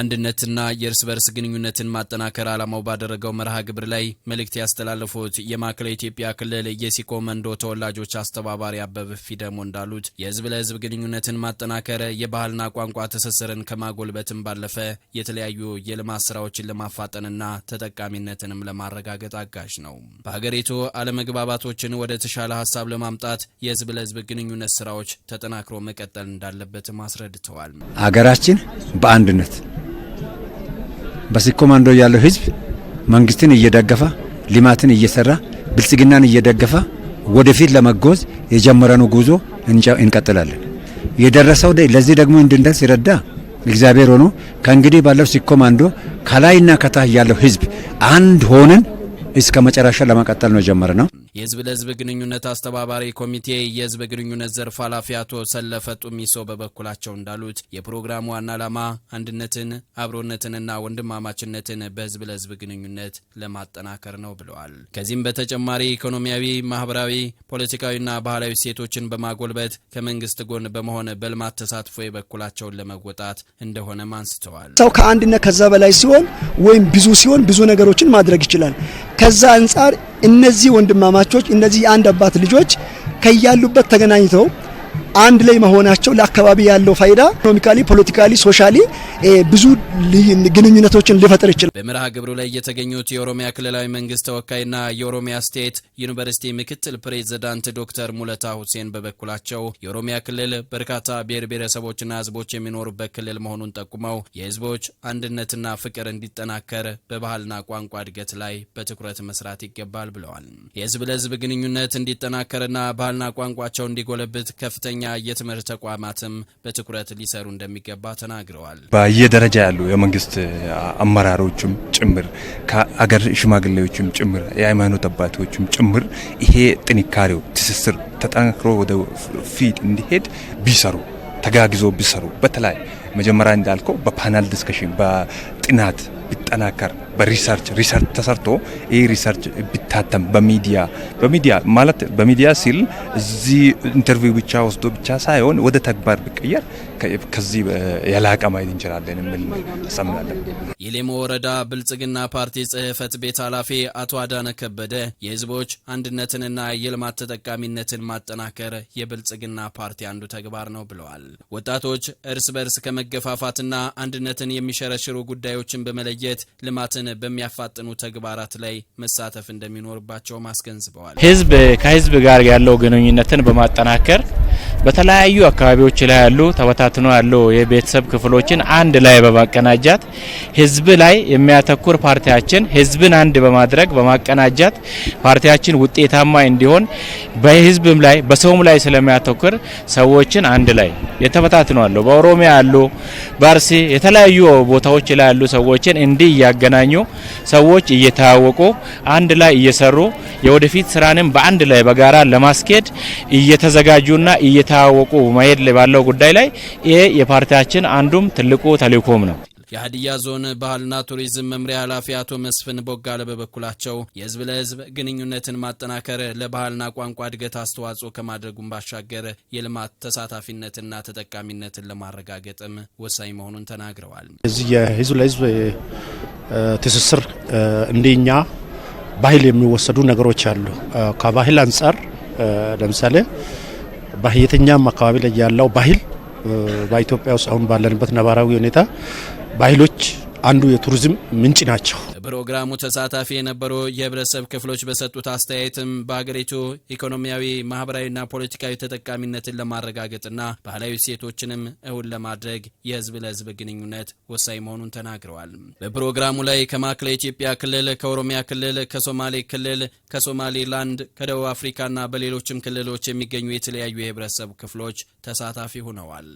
አንድነትና የእርስ በርስ ግንኙነትን ማጠናከር ዓላማው ባደረገው መርሃ ግብር ላይ መልእክት ያስተላለፉት የማዕከላዊ ኢትዮጵያ ክልል የሲኮ መንዶ ተወላጆች አስተባባሪ አበበ ፊደሞ እንዳሉት የህዝብ ለህዝብ ግንኙነትን ማጠናከር የባህልና ቋንቋ ትስስርን ከማጎልበትም ባለፈ የተለያዩ የልማት ስራዎችን ለማፋጠንና ተጠቃሚነትንም ለማረጋገጥ አጋዥ ነው። በሀገሪቱ አለመግባባቶችን ወደ ተሻለ ሀሳብ ለማምጣት የህዝብ ለህዝብ ግንኙነት ስራዎች ተጠናክሮ መቀጠል እንዳለበትም አስረድተዋል። ሀገራችን በአንድነት በሲኮማንዶ ያለው ህዝብ መንግስትን እየደገፈ ልማትን እየሰራ ብልጽግናን እየደገፈ ወደፊት ለመጓዝ የጀመረን ጉዞ እንቀጥላለን። የደረሰው ለዚህ ደግሞ እንድንደርስ ይረዳ እግዚአብሔር ሆኖ ከእንግዲህ ባለው ሲኮማንዶ ከላይና ከታች ያለው ህዝብ አንድ ሆነን እስከ መጨረሻ ለመቀጠል ነው የጀመረ ነው። የህዝብ ለህዝብ ግንኙነት አስተባባሪ ኮሚቴ የህዝብ ግንኙነት ዘርፍ ኃላፊ አቶ ሰለፈ ጡሚሶ በበኩላቸው እንዳሉት የፕሮግራሙ ዋና ዓላማ አንድነትን፣ አብሮነትንና ወንድማማችነትን በህዝብ ለህዝብ ግንኙነት ለማጠናከር ነው ብለዋል። ከዚህም በተጨማሪ ኢኮኖሚያዊ፣ ማህበራዊ፣ ፖለቲካዊና ባህላዊ ሴቶችን በማጎልበት ከመንግስት ጎን በመሆን በልማት ተሳትፎ የበኩላቸውን ለመወጣት እንደሆነም አንስተዋል። ሰው ከአንድነት ከዛ በላይ ሲሆን ወይም ብዙ ሲሆን ብዙ ነገሮችን ማድረግ ይችላል። ከዛ አንጻር እነዚህ ወንድማማቾች እነዚህ የአንድ አባት ልጆች ከያሉበት ተገናኝተው አንድ ላይ መሆናቸው ለአካባቢ ያለው ፋይዳ ኢኮኖሚካሊ፣ ፖለቲካሊ፣ ሶሻሊ ብዙ ግንኙነቶችን ሊፈጥር ይችላል። በመርሃ ግብሩ ላይ የተገኙት የኦሮሚያ ክልላዊ መንግስት ተወካይና የኦሮሚያ ስቴት ዩኒቨርሲቲ ምክትል ፕሬዝዳንት ዶክተር ሙለታ ሁሴን በበኩላቸው የኦሮሚያ ክልል በርካታ ብሔር ብሔረሰቦችና ህዝቦች የሚኖሩበት ክልል መሆኑን ጠቁመው የህዝቦች አንድነትና ፍቅር እንዲጠናከር በባህልና ቋንቋ እድገት ላይ በትኩረት መስራት ይገባል ብለዋል። የህዝብ ለህዝብ ግንኙነት እንዲጠናከርና ባህልና ቋንቋቸው እንዲጎለብት ከፍተኛ ከፍተኛ የትምህርት ተቋማትም በትኩረት ሊሰሩ እንደሚገባ ተናግረዋል። በየደረጃ ያሉ የመንግስት አመራሮችም ጭምር ከአገር ሽማግሌዎችም ጭምር የሃይማኖት አባቶችም ጭምር ይሄ ጥንካሬው ትስስር ተጠናክሮ ወደ ፊት እንዲሄድ ቢሰሩ ተጋግዞ ቢሰሩ በተለይ መጀመሪያ እንዳልከው በፓናል ዲስከሽን በጥናት ቢጠናከር በሪሰርች ሪሰርች ተሰርቶ ይህ ሪሰርች ቢታተም በሚዲያ በሚዲያ ማለት በሚዲያ ሲል እዚህ ኢንተርቪው ብቻ ወስዶ ብቻ ሳይሆን ወደ ተግባር ቢቀየር ከዚህ የላቀ ማየት እንችላለን የሚል ሰምናለን። የሌሞ ወረዳ ብልጽግና ፓርቲ ጽህፈት ቤት ኃላፊ አቶ አዳነ ከበደ የህዝቦች አንድነትንና የልማት ተጠቃሚነትን ማጠናከር የብልጽግና ፓርቲ አንዱ ተግባር ነው ብለዋል። ወጣቶች እርስ በርስ ከመገፋፋትና አንድነትን የሚሸረሽሩ ጉዳዮች ጉዳዮችን በመለየት ልማትን በሚያፋጥኑ ተግባራት ላይ መሳተፍ እንደሚኖርባቸውም አስገንዝበዋል። ህዝብ ከህዝብ ጋር ያለው ግንኙነትን በማጠናከር በተለያዩ አካባቢዎች ላይ ያሉ ተበታትኖ ያሉ የቤተሰብ ክፍሎችን አንድ ላይ በማቀናጃት ህዝብ ላይ የሚያተኩር ፓርቲያችን ህዝብን አንድ በማድረግ በማቀናጃት ፓርቲያችን ውጤታማ እንዲሆን በህዝብም ላይ በሰውም ላይ ስለሚያተኩር ሰዎችን አንድ ላይ የተበታትኖ አሉ በኦሮሚያ ያሉ በአርሲ የተለያዩ ቦታዎች ላይ ያሉ ሰዎችን እንዲህ እያገናኙ ሰዎች እየተዋወቁ አንድ ላይ እየሰሩ የወደፊት ስራንም በአንድ ላይ በጋራ ለማስኬድ እየተዘጋጁና እየ ሳይታወቁ መሄድ ባለው ጉዳይ ላይ ይሄ የፓርቲያችን አንዱም ትልቁ ተልእኮም ነው። የሀዲያ ዞን ባህልና ቱሪዝም መምሪያ ኃላፊ አቶ መስፍን ቦጋለ በበኩላቸው የህዝብ ለህዝብ ግንኙነትን ማጠናከር ለባህልና ቋንቋ እድገት አስተዋጽኦ ከማድረጉን ባሻገር የልማት ተሳታፊነትና ተጠቃሚነትን ለማረጋገጥም ወሳኝ መሆኑን ተናግረዋል። እዚህ የህዝብ ለህዝብ ትስስር እንደኛ ባህል የሚወሰዱ ነገሮች አሉ። ከባህል አንጻር ለምሳሌ በየትኛም አካባቢ ላይ ያለው ባህል በኢትዮጵያ ውስጥ አሁን ባለንበት ነባራዊ ሁኔታ ባህሎች አንዱ የቱሪዝም ምንጭ ናቸው። ፕሮግራሙ ተሳታፊ የነበሩ የህብረተሰብ ክፍሎች በሰጡት አስተያየትም በሀገሪቱ ኢኮኖሚያዊ፣ ማህበራዊና ፖለቲካዊ ተጠቃሚነትን ለማረጋገጥና ባህላዊ እሴቶችንም እውን ለማድረግ የህዝብ ለህዝብ ግንኙነት ወሳኝ መሆኑን ተናግረዋል። በፕሮግራሙ ላይ ከማዕከላዊ ኢትዮጵያ ክልል፣ ከኦሮሚያ ክልል፣ ከሶማሌ ክልል፣ ከሶማሌላንድ፣ ከደቡብ አፍሪካና በሌሎችም ክልሎች የሚገኙ የተለያዩ የህብረተሰብ ክፍሎች ተሳታፊ ሆነዋል።